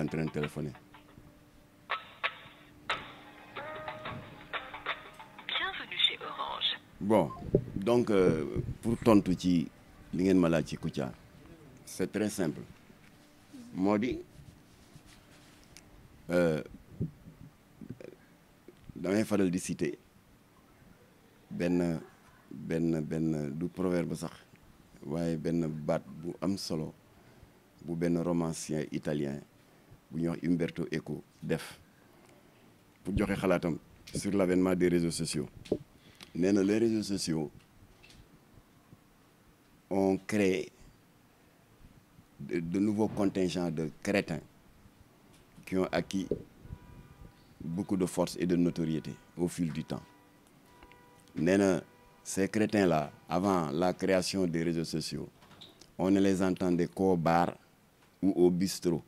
est téléphone bon donc euh, pour tontu ci li ngeen ma laaj ci Kouthia c'est très simple moo di euh, damay faral di citer benn benn benn du proverbe sax waaye benn baat bu am solo bu benn romancier italien bu ñuy wax Umberto Eco def pour joxe xalaatam sur l'avènement des réseaux sociaux nee na les réseaux sociaux ont créé de, de nouveaux contingents de crétins qui ont acquis beaucoup de force et de notoriété au fil du temps nee na ces crétins la avant la création des réseaux sociaux on ne les entendait qu'au bar ou au bistrot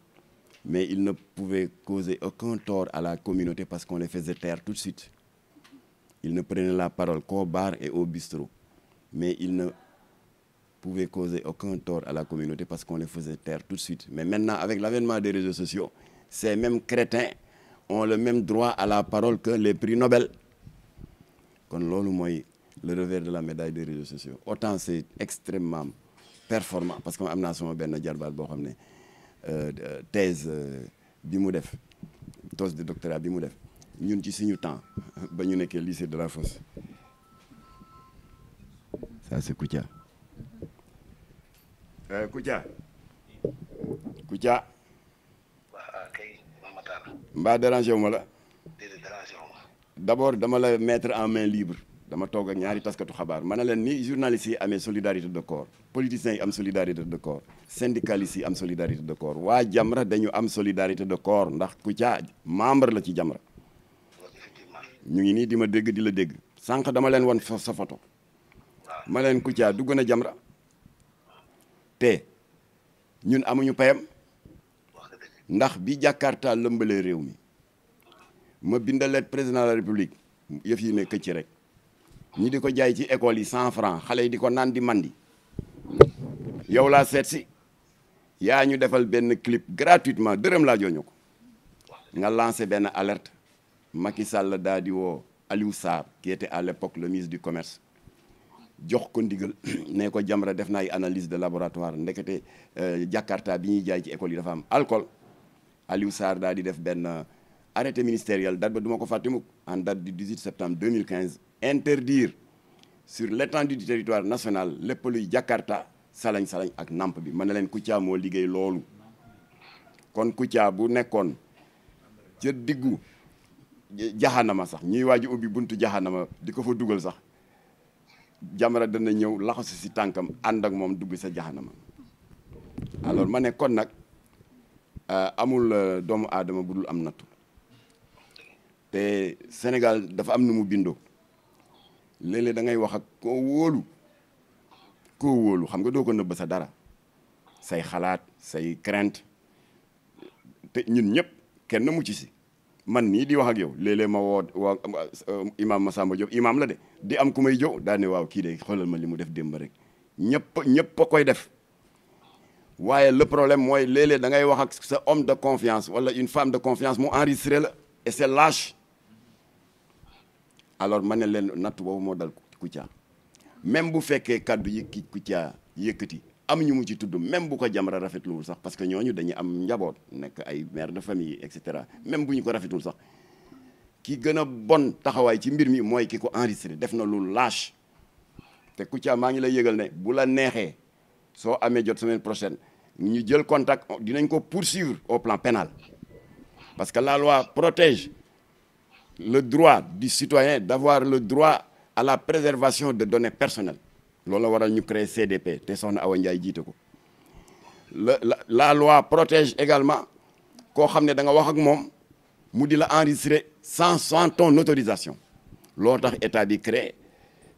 mais ils ne pouvaient causer aucun tort à la communauté parce qu'on le faisait taire tout de suite. Ils ne prenaient la parole qu'au bar et au bistrot, mais ils ne pouvaient causer aucun tort à la communauté parce qu'on les faisait taire tout de suite. Mais maintenant, avec l'avènement des réseaux sociaux, ces mêmes crétins ont le même droit à la parole que les prix Nobel. kon loolu mooy le revers de la médaille des réseaux sociaux autant c'est extrêmement performant que am naa benn jarbaat boo xam ne Euh, euh, thèse euh, bi mu def thèse de doctorat bi mu def ñun ci suñu temps ba ñu nekkee lycée de la Fosse ça c'est Koutia Koutia Koutia mbaa dérangé wu ma la d'abord dama la mettre en main libre dama toog ak ñaari taskatu xabaar ma leen ni journalistes yi amee solidarité de corps politiciens yi am solidarité de corps syndicalistes yi am solidarité de corps waa Jamra dañu am solidarité de corps ndax ku caa membre la ci Jamra ñu ngi nii di ma dégg di la dégg sànq dama leen wan sa photo ma leen ku caa dugg na Jamra te ñun amuñu payam ndax bi Jakarta lëmbalee réew mi ma bindaleet président de la république yëf yi ne këcc rek ñi di ko jaay ci école yi cent franc xale yi di ko naan di mandi yow laa seet si yaa ñu defal benn clip gratuitement dërëm laa jooñu ko nga lancé benn alerte Macky Sall daa di woo Aliou Sarr qui était à l'époque le ministre du commerce jox ko ndigal nee ko Jamra def na ay analyse de laboratoire ndekete euh, Jakarta bi ñuy jaay ci école yi dafa am alcool Aliou Sarr daa di def benn arrêté ministériel date ba du ma ko fàtte mukk en date du 18 septembre 2015 interdire sur l'étendue du territoire national lépp luy Jakarta salañ-salañ ak namp bi mën na leen Kouthia moo liggéey loolu kon Kouthia bu nekkoon ca diggu jaxanama sax ñuy waaj ubbi buntu jaxanama di ko fa dugal sax Jamra dana ñëw laxasu si tànkam ànd ak moom dugg sa jaxanama alors ma ne kon nag euh, amul euh, doomu aadama bu dul am nattu te Sénégal dafa am nu mu bindoo léeg-léeg da ngay wax ak koo wóolu koo wóolu xam nga doo ko nëbb sa dara say xalaat say crainte te ñun ñëpp kenn mu ci si man nii di wax ak yow léeg-léeg ma woo waa imaam Massamba Diop imaam la de di am ku may jëw daane waaw kii de xoolal ma li mu def démb rek ñëpp ñëpp a koy def waaye le problème mooy léeg-léeg da ngay wax ak sa homme de confiance wala une femme de confiance mu enregistré la et c'est lâche alors ma ne leen natt boobu moo dal Kouthia même bu fekkee kàddu yi ki Kouthia yëkkati am ñu mu ci tudd même bu ko Jamra rafetluwul sax parce que ñooñu dañu am njaboot nekk ay mère de famille et cetera même bu ñu ko rafetul sax ki gën a bon taxawaay ci mbir mi mooy ki ko enregistré def na lu lâche te Kouthia maa ngi lay yëgal ne bu la neexee soo amee jot semaine prochaine ñu jël contact dinañ ko poursuivre au plan pénal parce que la loi protège le droit du citoyen d'avoir le droit à la préservation de données personnel loolu la waral ñu créer CDP te soxna Awa Ndiaye jiite ko la la loi protège également koo xam ne da nga wax ak moom mu di la enregistrer cent cent ton autorisation loo tax état bi créé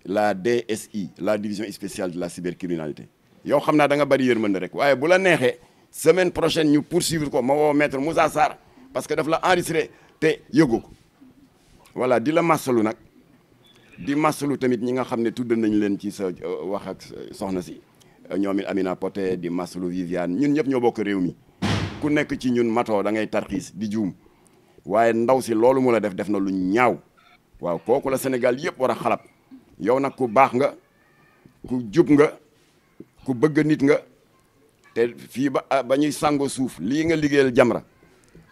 la DSI la division spéciale de la cybercriminalité yow xam naa da nga bëri yërmande rek waaye bu la neexee semaine prochaine ñu poursuivre ko ma woo maître Moussa Sarr parce que daf la enregistré te yëgu ko voilà di la lu nag di masalu tamit ñi nga xam ne tudd nañ leen ci sa euh, wax ak soxna si ñoom it Amina Poté di masalu Viviane ñun ñëpp ñoo bokk réew mi ku nekk ci ñun mato da ngay tarxiis di juum waaye ndaw si loolu mu la def def na lu ñaaw waaw kooku la Sénégal yëpp war a xalab yow nag ku baax nga ku jub nga ku bëgg nit nga te fii ba ba ñuy sàngoo suuf lii nga liggéeyal Jamra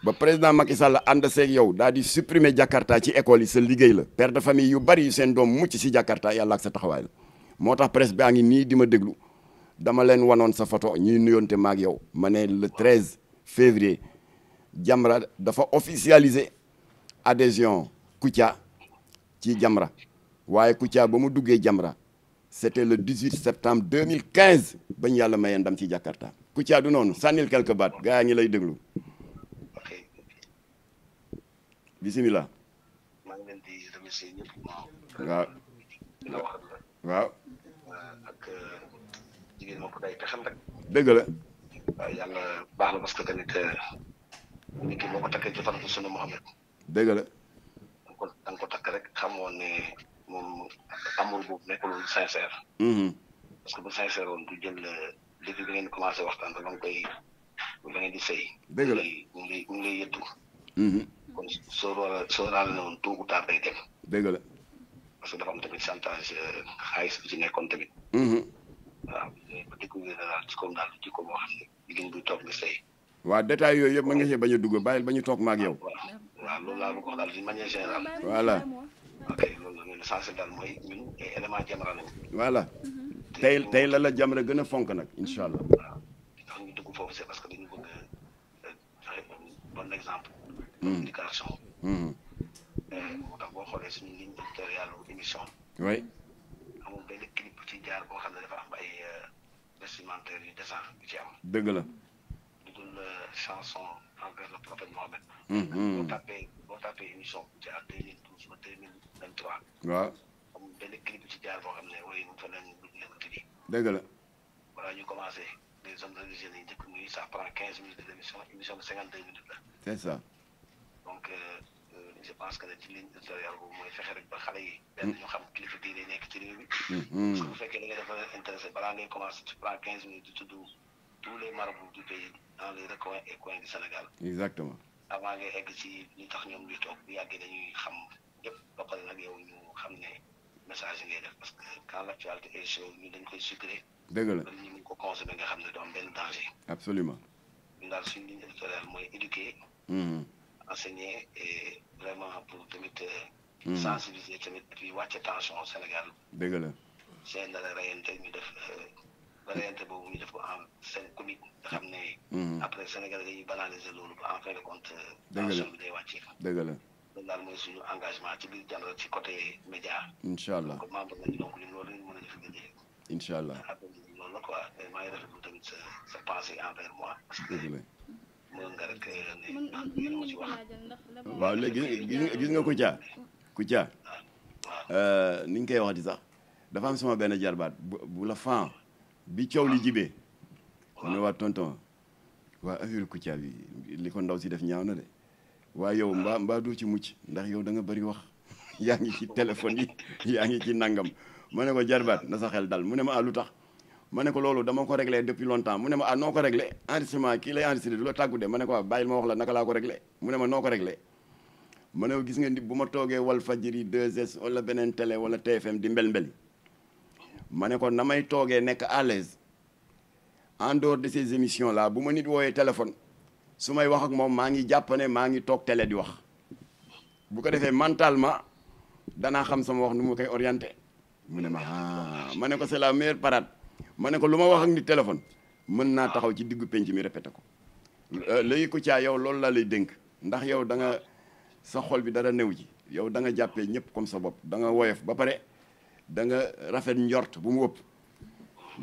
ba président Macky Sall ànd seeg yow daal di supprimer Jakarta ci école yi sa liggéey la père de famille yu bari yu seen doom mucc si Jakarta yàlla ak sa taxawaay la moo tax presse baa ngi nii di ma déglu dama leen wanoon sa photo ñuy nuyoonte maag yow ma ne le 13 février Jamra dafa officialiser adhésion Kouthia ci Jamra waaye Kouthia ba mu duggee Jamra c'était le 18 septembre 2015 ba ñu yàlla mayee ndam ci Jakarta Kouthia du noonu sànnil quelque baat gaa ngi lay déglu bisimilah. maa ngi leen di remercier ñëpp. waaw waaw. Euh, ak euh, jigéen moom day pexam rek. dëgg la. waaw yàlla baax la parce que tamit euh, nit ki boo ko takkee jotal ko sunu Muhammad. dëgg la. da ko da ko takk rek xamoon ne moom amour boobu nekkul woon sincère. Mm-hmm. parce que bu sincère woon du jël depuis bi ngeen commencé waxtaan ba nga koy ba ngeen di sëy. dëgg la mu ngi mu ngi sóoraale sóoraale na woon tôt ou parce que dafa am tamit chantage xaalis euh, mhm. bi ci nekkoon tamit. waaw ba découvrir toog nga sëy. waaw détail yooyu yëpp mën nga see bañ a dugg bàyyil ba ñu toog ma ak waaw loolu laa bëgg daal d'une manière générale. voilà. mooy ñun ay éléments Jamra tey tey la la Jamra gën a fonk nag incha allah. parce que dañu bëgg a euh, euh, communication. moo tax boo xoolee suñu ligne éditoriale émission. oui. amul benn clip bu ci jaar boo xam ne dafa am ay vestimentaires yu décent yu ci am. dëgg la. du dul chanson eh, envers le prophète Mohamed. boo mm. tapee boo tapee émission ci ak deux mille douze ba deux mille vingt trois. waaw amul benn clip ci jaar boo xam ne waaye mu fa leen lu dëgg la. balaa ñu commencé les hommes religieux lañu njëkk muy ça prend quinze minutes de l'émission émission bi cinquante deux minutes la. c'est donc euh, euh, je pense que ne ci ligne éditoriale boobu mooy fexe rek ba xale yi. benn ñu xam kilifa diine nekk ci réew mi. Mm-hmm. bu fekkee da ngay balaa ngay commencé tu prends quinze minutes di tudd tous les marabouts du pays dans les recoins et coins du Sénégal. exactement avant ngay egg ci ñu tax ñoom ñu toog bu yàggee dañuy xam ñëpp ba pare nag yow ñu xam ne message yi ngay parce que quand l' actualité est chaude ñu dañ koy sucré. dëgg la ñu ko consommer nga xam ne du benn danger. absolument ñun daal suñu ligne mooy éduquer. Mm-hmm. enseigner et vraiment pour tamit. Euh, hmm. sensibiliser tamit puis wàcce tension Sénégal. dëgg la. seen dana ñu def euh, rayante boobu ñu def ko en scène xam ne. Hmm. après Sénégal dañuy banaliser loolu ba en fin de compte. Euh, dëgg la tension bi day wàccee. dëgg la. loolu mooy suñu engagement ci biir jàngat ci côté média. incha allah donc nañu donc ñun loolu la ñu mën a def liggéey. incha après loolu la quoi mais maa ngi rafetlu moi. dëgg Ah, waaw léegi gis nga Kouthia ah, Kouthia ah, euh, ni ñu koy wax di sax dafa am sama benn jarbaat bu la fan bi coow li jibe mu ne waa tonton waa affaire Kouthia bi li ko ndaw si def ñaaw na de waa yow mbaa mbaa doo ci mucc ndax yow danga nga bëri wax yaa ngi ci téléphone yi yaa ngi ci nangam ma ne ko jarbaat na sa xel dal mu ne ma ah lu tax ma ne ko loolu dama ko réglé depuis longtemps mu ne ma ah noo ko réglé enregistrement kii lay enregistré du la tàggu de ma ne ko ah bàyyil ma wax la naka laa ko réglé mu ne ma noo ko réglé ma ne ko gis nga ni bu ma toogee wal fajiri 2S wala beneen télé wala TFM di mbel ne ko na may toogee nekk à l'aise en dehors de ces émissions laa bu ma nit wooyee téléphone su may wax ak moom maa ngi jàpp ne maa ngi toog télé di wax bu ko defee mentalement danaa xam sama wax nu mu koy orienté mu ne ma ah ma ne ko c'est la meilleure parade ma ne ko lu ma wax ak ni téléphone mën naa taxaw ci diggu penc mi répété ko euh, léegi ku caa yow loolu laa lay dénk ndax yow da nga sa xol bi dara new ji yow da nga jàppee ñëpp comme sa bopp danga nga woyof ba pare da nga rafet njort bu mu wëpp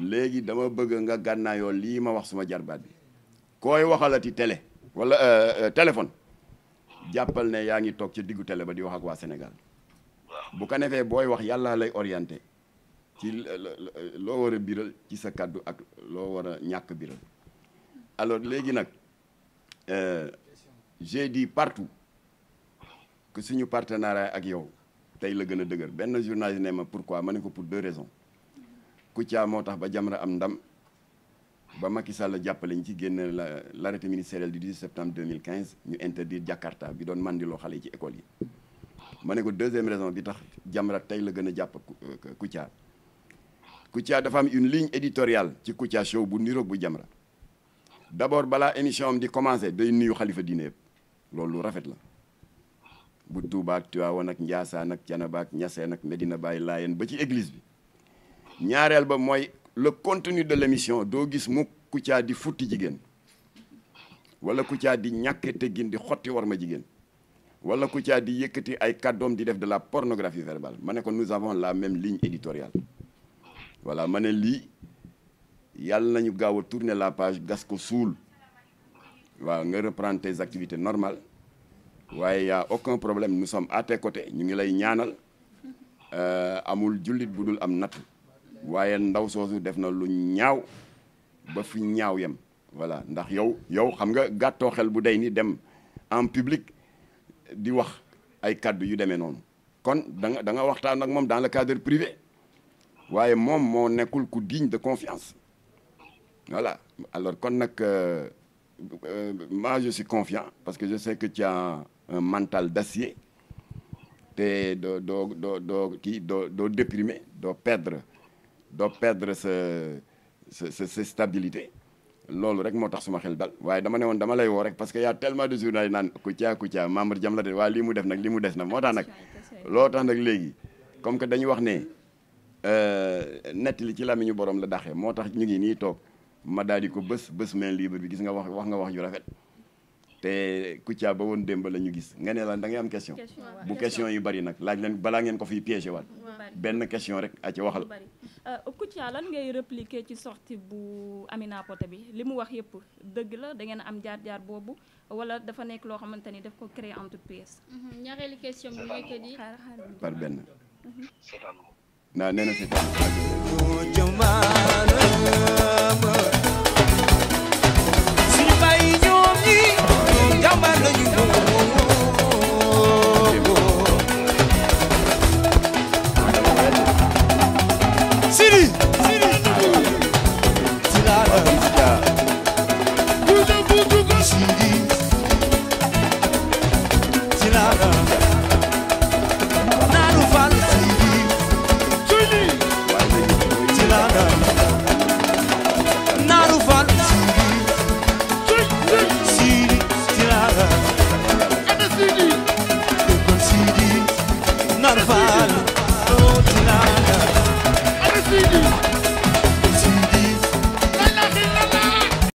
léegi dama bëgg nga gànnaayoo lii ma wax suma jarbaat bi kooy waxalati télé wala euh, euh, téléphone jàppal ne yaa ngi toog ci diggu télé ba di wax ak waa Sénégal bu ko defee booy wax yàlla lay orienté ci loo war a biral ci sa kàddu ak loo war a ñàkk biral alors léegi nag euh, j'ai dit partout que suñu partenariat ak yow tey la gën a dëgër benn journaliste ne ma pourquoi ma ne ko pour deux raisons Kouthia moo tax ba Jamra am ndam ba Macky Sall jàppale ñu ci génne la l'arrêté ministériel du 18 septembre 2015 ñu interdire Jakarta bi doon mandiloo xale yi ci école yi ma ne ko deuxième raison bi tax Jamra tey la gën a jàpp Kouthia Kouthia dafa am une ligne éditoriale ci Kouthia Show bu niroog bu Jamra d'abord balaa émission am di commencer day nuyu xalifa diine yëpp loolu rafet la bu Touba ak Tivaouane ak Ndiassane ak Thiénaba ak Niassène ak Medina laa Layène ba ci église bi ñaareel ba mooy le contenu de l'émission doo gis mu Kouthia di futti jigéen wala Kouthia di ñàkk teggin di xotti war ma jigéen wala Kouthia di yëkkati ay kàddoom di def de la pornographie verbale ma ne ko la même ligne éditoriale voilà ma ne lii yàlla nañu gaaw a tourner la page gas ko suul waaw nga reprendre tes activités normales waaye y aucun problème nous sommes à tes côtés ñu ngi lay ñaanal euh, amul jullit bu dul am nattu waaye ndaw soosu def na lu ñaaw ba fi ñaaw yem voilà ndax yow yow xam nga gàttoo xel bu day ni dem en public di wax ay kàddu yu demee noonu kon danga da nga waxtaan ak moom dans le cadre privé waaye moom moo nekkul ku digne de confiance voilà alors kon nag euh, euh, moi je suis confiant parce que je sais que tu as un mental d'acier te doo doo doo doo kii doo doo déprimer doo perdre doo perdre sa sa sa stabilité loolu rek moo tax suma xel dal waaye dama ne woon dama lay woo rek parce que y tellement de journaux yi naan Kouthia Kouthia membre jam la de waaye lii mu def nag lii mu des nag moo tax nag loo tax nag léegi comme que dañu wax ne Euh, li ci làmmiñu borom la daxee moo tax ñu ngi nii toog ma daal di ko bés bés main libre bi gis nga wax wax nga wax ju rafet te Kouthia ba woon démb la ñu gis nga ne la dangay am question bu question yu bari nag laaj leen balaa ngeen ko fiy piégé waat benn question rek a ci waxal. Euh, Kouthia lan ngay répliquer ci sortie bu Amina Poté bi li mu wax yëpp dëgg la da ngeen am jaar-jaar boobu wala dafa nekk loo xamante ni daf ko créer entreprise. Mm-hmm. ñaareelu question bi na neno shetani Siri, Siri, Siri, Siri,